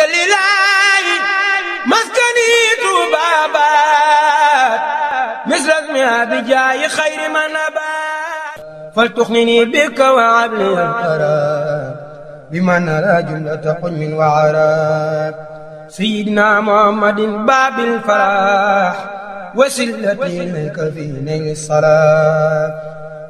جليلاي مسكني تبابات مثل اسمها بجاي خير من نبات فلتخنني بك وعبلي القرار بما نرى جملة حلم وعراب سيدنا محمد باب الفلاح وسلتي إليك في نيل الصلاة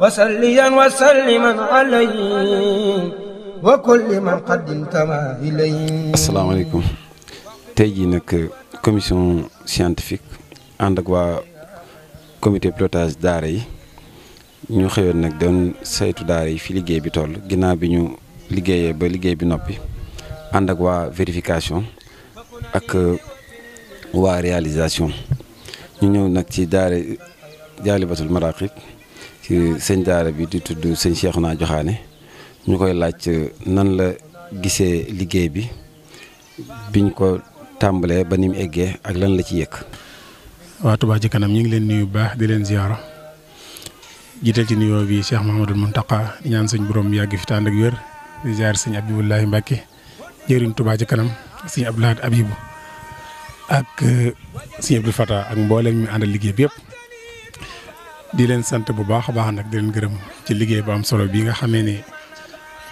وسليا وسلما عليه wa kulli tey jii nag euh, commission scientifique ànd ak waa comité pilotage daara yi ñu xëyoon nag doon saytu daara yi fi liggéey bi toll ginnaaw bi ñu liggéeyee ba liggéey bi noppi ànd ak waa vérification ak euh, waa réalisation ñu ñëw nag ci daara jaalibatul maraqib ci sëñ daara bi di tudd sëñ naa Joxaane ñu koy laaj euh, nan la gisee liggéey bi biñ ko tàmbalee ba ni mu eggee ak lan la ci yëg. waa Touba ci kanam ñu ngi leen nuyu bu baax di leen ziyaara jiital ci nuyoo bi Cheikh Mouhamadul Mountakha di ñaan suñ borom yàgg fi tànd ak wér di ziar sëñ Abdoulaye Mbacke jëriñ Touba ci kanam sëñ Abdoulaye Abibou ak euh, sëñ Abdou Fatah ak mboolem ñu àndal liggéey bi yëpp. di leen sant bu baax a baax nag di gërëm ci liggéey bu am solo bi nga xamee ni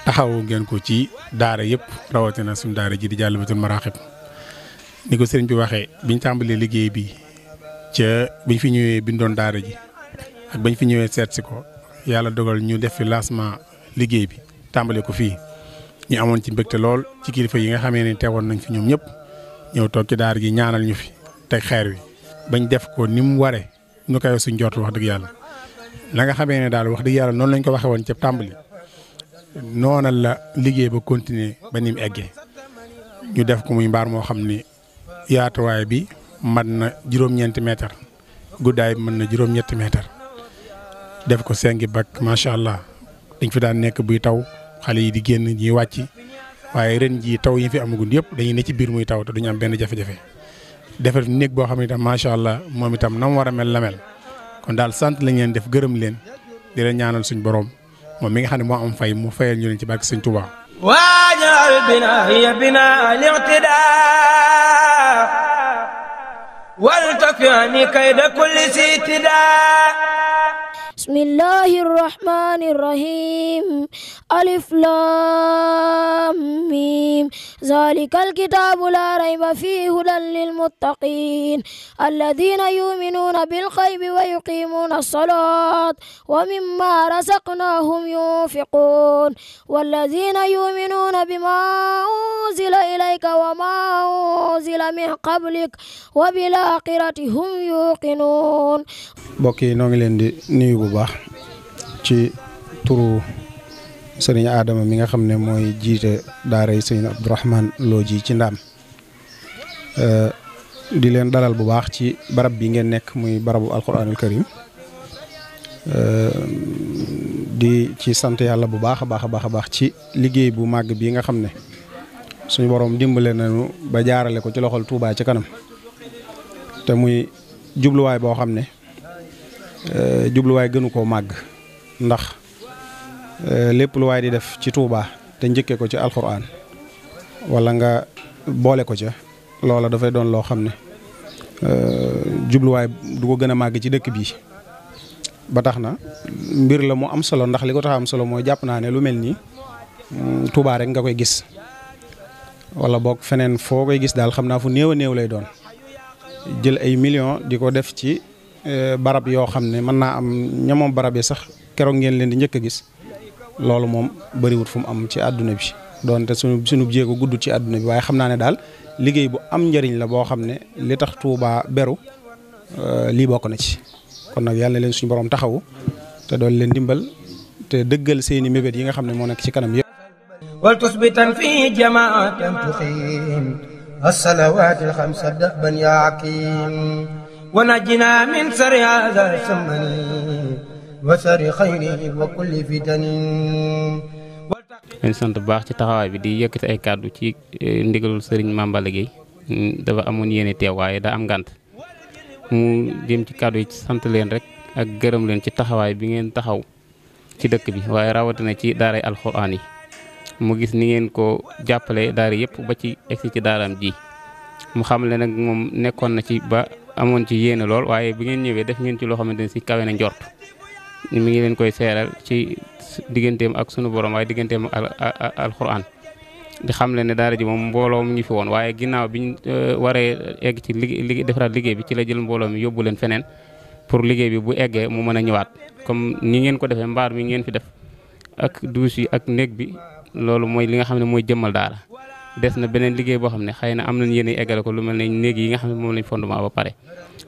taxawu ngeen ko ci daara yëpp rawatina suñu daara ji di Dialibatoul Marakhib ni ko sëriñ bi waxee biñ tàmbalee liggéey bi ca biñ fi ñëwee bindoon daara ji ak bañ fi ñëwee seet si ko yàlla dogal ñu def fi lancement liggéey bi tàmbale ko fii ñu amoon ci mbégte lool ci kilifa yi nga xamee ne teewoon nañ fi ñoom ñëpp ñëw toog ci daara gi ñaanal ñu fi teg xeer wi bañ def ko ni mu waree ñu koy suñ jot wax dëgg yàlla la nga xamee ne daal wax dëgg yàlla noonu lañ ko waxee woon ca tàmbali noonal la liggéey ba continuer ba ni mu eggee ñu def ko muy mbaar moo xam ni yaatuwaay bi mat na juróom-ñeenti mètre guddaay bi mën na juróom-ñetti mètre def ko sengi bak macha allah dañ fi daan nekk buy taw xale yi di génn ñuy wàcc waaye ren jii taw yi fi amagul yëpp dañuy ne ci biir muy taw te duñu am benn jafe-jafe. defar néeg boo xam ne itam macha allah moom itam na mu war a mel la mel kon daal sant lañ leen def gërëm leen di leen ñaanal suñu borom. moom mi nga xam ne moo am fay mu fayal ñu leen ci barke Sëñ Tuubaa waajal binaa ya binaa liqtidaa waltafi mi kayda kulli si tidaa بسم الله الرحمن الرحيم ألف لام ميم ذلك الكتاب لا ريب فيه هدى للمتقين الذين يؤمنون بالغيب ويقيمون الصلاة ومما رزقناهم ينفقون والذين يؤمنون بما أنزل إليك وما أنزل من قبلك وبالآخرة هم يوقنون mbokk yi noo ngi leen di nuyu bu baax ci turu sëriñ Adama mi nga xam ne mooy jiite daaray sëriñ Abdourahmane Lo ji ci ndaam eh, di leen dalal bu baax ci barab bi ngeen nekk muy barabu alquranul karim eh, di ci sant yàlla bu baax a baax a baax a baax ci liggéey bu màgg bi nga xam ne suñu borom dimbale nañu ba jaarale ko ci loxol Touba ci kanam te muy jubluwaay boo xam ne Euh, jubluwaay gënu koo màgg ndax euh, lépp lu waay di def ci Touba te njëkkee ko ci alxuraan walla nga boole ko ca loola dafay doon loo xam ne euh, jubluwaay du ko gën a màgg ci dëkk bii. ba tax na mbir la mu am solo ndax li ko tax am solo mooy jàpp naa ne lu mel nii mm, Touba rek nga koy gis walla boog feneen foo koy gis daal xam naa fu néew a néew lay doon jël ay millions di ko def ci. Eh, barab yoo xam ne man naa am ña moom barab yi sax keroog ngeen leen di njëkk a gis loolu moom bëriwut fu mu am ci àdduna bi doonte suñu sunu jéego guddut ci àdduna bi waaye xam naa ne daal liggéey bu am njëriñ la boo xam ne li tax Touba beru eh, lii bokk na ci kon nag yàlla leen suñ borom taxawu te doon leen dimbal te dëggal seeni mébét yi nga xam ne moo nekk ci kanam yëpp wal tusbitan fi jamaatan tuqiim as-salawaati al-xamsa yaa aqiim ونجنا من سر هذا سمني وسر خيري وكل فتني ñu sant bu baax ci taxawaay bi di yëkkati ay kàddu ci eh, ndigalul sëriñ Mamballa Gueye dafa amoon yéene teew waaye daa am ngànt mu jëm ci kàddu yi ci sant leen rek ak gërëm leen ci taxawaay bi ngeen taxaw ci dëkk bi waaye rawatina ci daaray alxuraan yi mu gis ni ngeen ko jàppale daara yëpp ba ci egsi ci daaraam ji mu xam le nag moom nekkoon na ci ba amoon ci yéene lool waaye bi ngeen ñëwee def ngeen ci loo xamante ne si kawe na njort mi ngi leen koy seeral ci digganteem ak sunu borom waaye digganteem ak alxuraan di xam leen ne daara ji moom mbooloo mu ngi fi woon waaye ginnaaw bi biñ euh, waree egg ci liggéey defaraat liggéey bi ci la jël mbooloo mi yóbbu leen feneen pour liggéey bi bu eggee mu mën a ñëwaat comme ni ngeen ko defee mbaar mi ngeen fi def ak duusi ak néeg bi loolu mooy li nga xam ne mooy jëmmal daara des na beneen liggéey boo xam ne xëy na am nañ yéen eggale ko lu mel ne néeg yi nga xam ne moom lañ fondement ba pare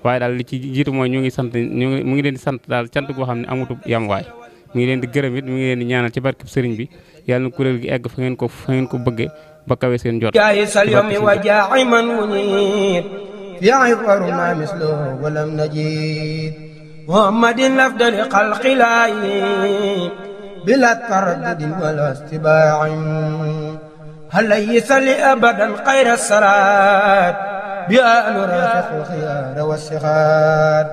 waaye daal li ci jiitu mooy ñu ngi sant ñu mu ngi leen di sant daal cant goo xam ne amutu yamuwaay mu ngi leen di gërëm it mu ngi leen di ñaanal ci barkeb sëriñ bi yàlla na kuréel gi egg fa ngeen ko fa ngeen ko bëggee ba kawe seen jot jaay salyomi wa jaaxi man wu ñi yaay waru ma mislo walam najid muhammadin afdali xalqi laayi bila taraddudin wala istibaa'in هل يصلي أبدا خير الصلاة بأهل رافق الخيار والصغار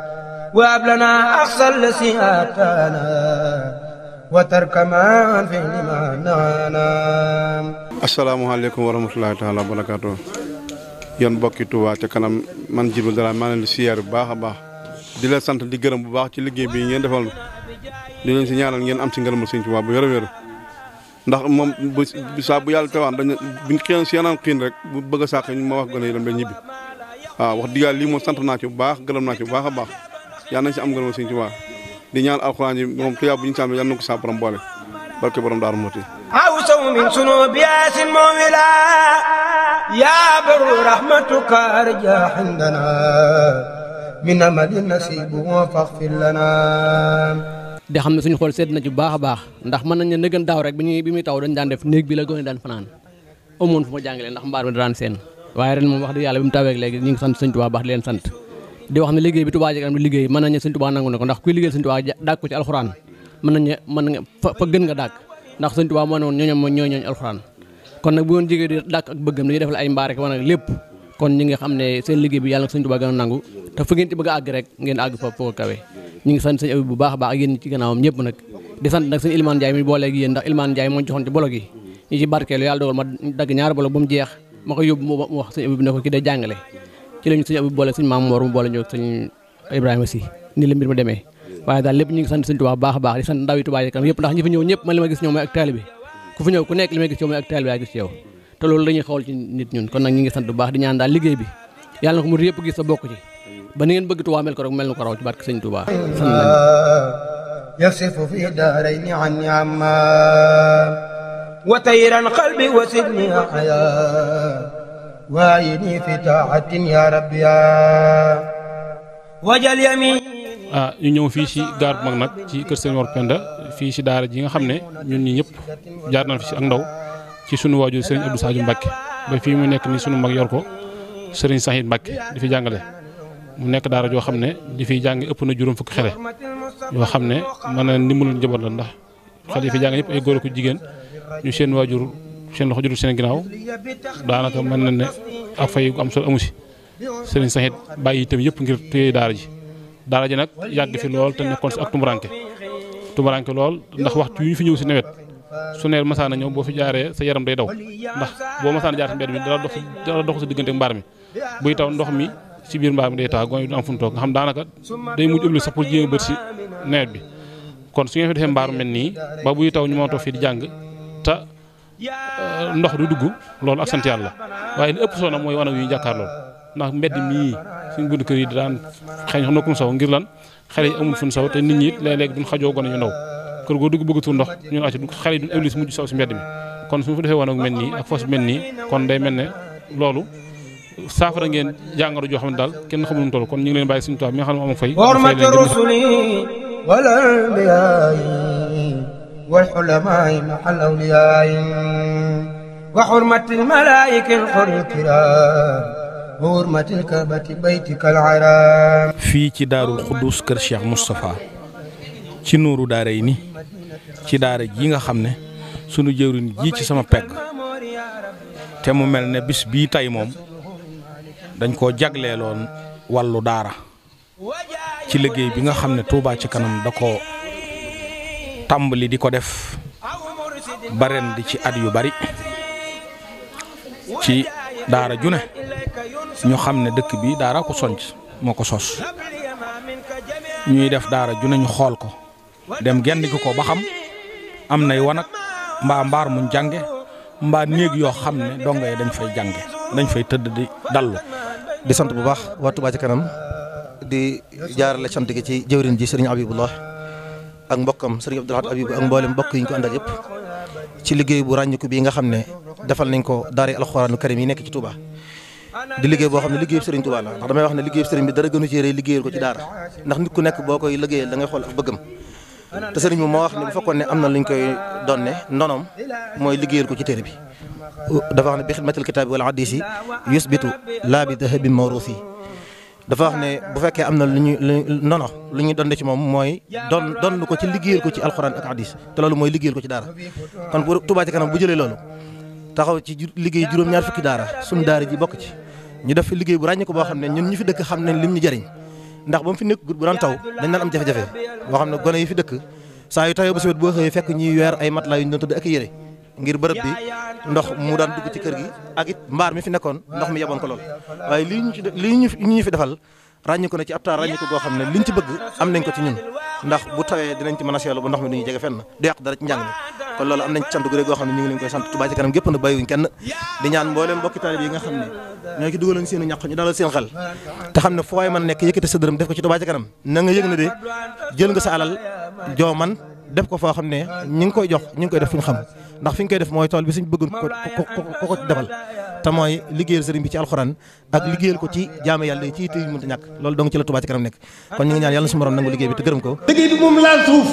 وأبلنا أقصى الذي آتانا وترك ما في لما نعانا السلام عليكم ورحمة الله تعالى وبركاته yan mbokki Touba ca kanam man Djibril Dara maa leen di siyaar bu baax a baax di la sant di gërëm bu baax ci liggéey bi ngeen defal di leen si ñaanal ngeen am si ngërëmal Sëñ Tuubaa bu wér a ndax moom bu saa bu yàlla tawaan dañu buñ xëyoon si yeneen xiin rek bu bëgg a sàq ma wax gone yi dem dañ ñibbi waaw wax diggaal lii moom sant naa ci bu baax gërëm naa ci bu baax a baax yal nañ si am ngërëm sëñ ci baax di ñaan alxuraan yi moom tuyaa bu ñu sàmm yal na ko saa borom boole barke borom daaru moti aw saw min sunu biyaasin moo wila yaa baru rahmatuka na indana min amalin nasibu faxfir lana di xam ne suñu xool sedd na ci bu baax baax ndax mën nañ ne nëgën daaw rek bi ñuy bi muy taw dañ daan def néeg bi la gone daan fanaan amoon fu ma jàngalee ndax mbaar mi daan seen waaye ren moom wax dëgg yàlla bi mu tawee léegi ñu ngi sant Sëñ Tuubaa baax di leen sant di wax ne liggéey bi Tuubaa ji kanam di liggéey mën nañ ne Sëñ Tuubaa nangu na ko ndax kuy liggéey Sëñ Tuubaa dàkk ko ci mën nañ fa gën nga dàkk ndax Sëñ Tuubaa moo ne woon ñooñu ñooy ñooñu alxuraan kon nag bu doon jigéen di dàkk ak mbaar lépp kon ñi nga xam ne seen liggéey bi yàlla a nangu te fu ngeen ci bëgg rek ngeen àgg fa foo kawe ñu ngi sant sëñ Abib bu baax a baax ak yéen ci gannaawam ñëpp nag di sant nag sëñ Ilmaan Njaay mi booleeg yéen ndax Ilmaan Njaay moo joxoon ci bolo gi ñu ci barkeelu yàlla dogal ba ma ko yóbbu mu wax ñu ngi sant sëñ Tuubaa baax a baax di sant ndaw yi Tuubaa ndax ñi fi ñëw ñëpp man li ma gis ñoom mooy ak taalibe ku fi ñëw ku nekk li may gis yow mooy ak taalibe yaa gis yow te loolu la ñuy xool ci nit ñun kon nag ñu ngi sant bu baax di ñaan daal liggéey bi yàlla na ko mu yëpp gis sa bokk ci ba ni ngeen bëgg Tuubaa mel ko rek mel na ko raw ci barke Sëñ Tuubaa yasifu fi daarayni anni amma wa tayran qalbi wa sidni ahya waayini fi taatin ya rabbi ya wajal yamin ah ñu ñëw fii ci gaar bu mag nag ci kër Sëñ Mor Penda fii ci daara ji nga xam ne ñun ñi ñëpp jaar nañ fi ci ak ndaw ci sunu waajur Sëriñ Abdou Sadio Mbacke ba fii mu nekk nii sunu mag yor ko Sëriñ Sahid Mbacke di fi jàngale mu nekk daara joo xam ne di fi jàng ëpp na juróom fukki xale yoo xam ne mën na ndimbalul njaboot la ndax xale yi fi jàng ñëpp ay góor ak jigéen ñu seen waajur seen loxo jurul seen ginnaaw daanaka mën na ne ak fay am solo amu si sëriñ saxit bàyyi itam yëpp ngir téye daara ji daara ji nag yàgg fi lool te nekkoon si ak tumuranke tumuranke lool ndax waxtu yu ñu fi ñëw si nawet su neer masaana ñëw boo fi jaaree sa yaram day daw ndax boo masaana jaar si mbedd ci biir mbaam mi day taa gone yi du am fu toog nga xam daanaka day mujj obli sax pour jéem si nawet bi kon su ñu fi defee mbaar mel nii ba buy taw ñu mën a toog jàng te euh, ndox du dugg loolu ak sant yàlla waaye li ëpp soo na mooy wanag yu jàkkaar ndax mbedd mii suñ bunt kër yi daan xëy xam na kum saw ngir lan xale yi fu ñu saw te nit ñi it léeg-léeg xajoo gone ñu ndaw kër goo dugg bëgg tur ndox ñun acci du xale yi duñ obli saw si mbedd kon su ñu fi defee wanag mel nii ak foos mel nii kon day mel ne loolu saafara ngeen jàngoro joo xam ne daal kenn xamul mu toll kon ñu ngi leen bàyyi suñu tubaab mi nga xam ne moom fay. hormati rusuli wal anbiyaa'i wal ulamaa'i ma'al awliyaa'i wa hurmatil malaa'ikatil hurri kiraam fii ci daarul xuddus kër Cheikh Moustapha ci nuuru daara yi ni ci daara ji nga xam ne sunu jëwriñ ji ci sama pegg te mu mel ne bis bii tay moom dañ koo jagleeloon wàllu daara ci liggéey bi nga xam ne Touba ci kanam da ko tàmbali di ko def ba ci at yu bari ci daara ju ne ñu xam ne dëkk bi daara ko sonc moo ko sos ñuy def daara ju ne ñu xool ko dem genn ko ba xam am nay wanag mbaa mbaar muñ jànge mbaa néeg yoo xam ne dongo yi dañ fay jànge dañ fay tëdd di dallu di sant bu baax waa Touba ca kanam di jaarale sant gi ci jëwrin ji sëriñ Abibullah ak mbokkam sëriñ Abdoul Ahad Abib ak mboolem mbokk yi ñu ko yëpp ci liggéey bu ràññiku bii nga xam ne defal nañ ko daari alxuraanu karim yi nekk ci Touba. di liggéey boo xam ne liggéeyub sëriñ Touba la ndax damay wax ne liggéeyub sëriñ bi dara gënu ci rëy liggéeyal ko ci daara ndax nit ku nekk boo koy liggéeyal da ngay xool ak bëggam te sëriñ bi moo wax ne bu fekkoon ne am na lu ñu koy doon ne mooy liggéeyal ko ci téere bi dafa wax ne bi xidmatil kitaabi wal hadisi yusbitu laa bi dahabin mawruusi dafa wax ne bu fekkee am na lu ñu ndono lu ñuy donde ci moom mooy don donn ko ci liggéeyal ko ci alxuraan ak hadis te loolu mooy liggéeyal ko ci daara kon bu Touba ci kanam bu jëlee loolu taxaw ci liggéey juróom-ñaar fukki daara sunu daara ji bokk ci ñu def liggéey bu ràññi ko boo xam ne ñun ñu fi dëkk xam nañ lim ñu jëriñ ndax ba mu fi nekk gut bu daan taw dañ naan am jafe-jafe boo xam ne gone yi fi dëkk saa yu tawee ba sibét boo xëyee fekk ñuy weer ay matelas yu ñu doon tëdd ak yére ngir bërëb bi ndox mu daan dugg ci kër gi ak it mbaar mi fi nekkoon ndox mi yeboon ko lool waaye lii ñu ci lii ñu fi defal ràññi ko ne ci ab taar ko goo xam ne liñ ci bëgg am nañ ko ci ñun ndax bu tawee dinañ ci mën a seelu ba ndox mi duñu jege fenn du yàq dara ci njàng mi kon loolu am nañ cant gu rëy goo xam ne ñu ngi leen koy sant Touba nga xam ne ñoo ci dugaloon seenu ñàq ñu dalal seen xel te xam ne foo waay mën a nekk yëkkati sa dërëm def ko ci man def ko foo xam ne ñi ngi koy jox ñi ngi koy def fu ñu xam ndax fi ñu koy def mooy tool bi si bëggoon ko ko ko defal te mooy liggéeyal sëriñ bi ci alxuraan ak liggéeyal ko ci jaamu yàlla yi ci yitte yu mënta loolu dong ci la Touba ci kanam nekk kon ñu ñaan yàlla suñu borom nangu liggéey bi te gërëm ko liggéey bi moom laal suuf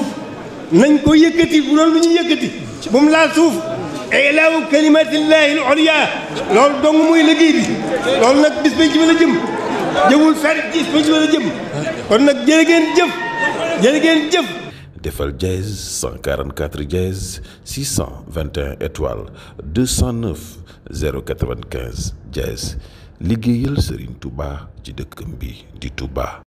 nañ ko yëkkati bu doon lu ñuy yëkkati bu mu laal suuf ilaahu kalimatillahi al ulya loolu dong muy liggéey bi loolu nag bis ba ci jëm jëmul fer bis ba ci mën jëm kon nag jërë ngeen jëf jërë ngeen jëf defal jazz jazz 621 jazz liggéeyal Serigne Touba ci dëkkam bi di Touba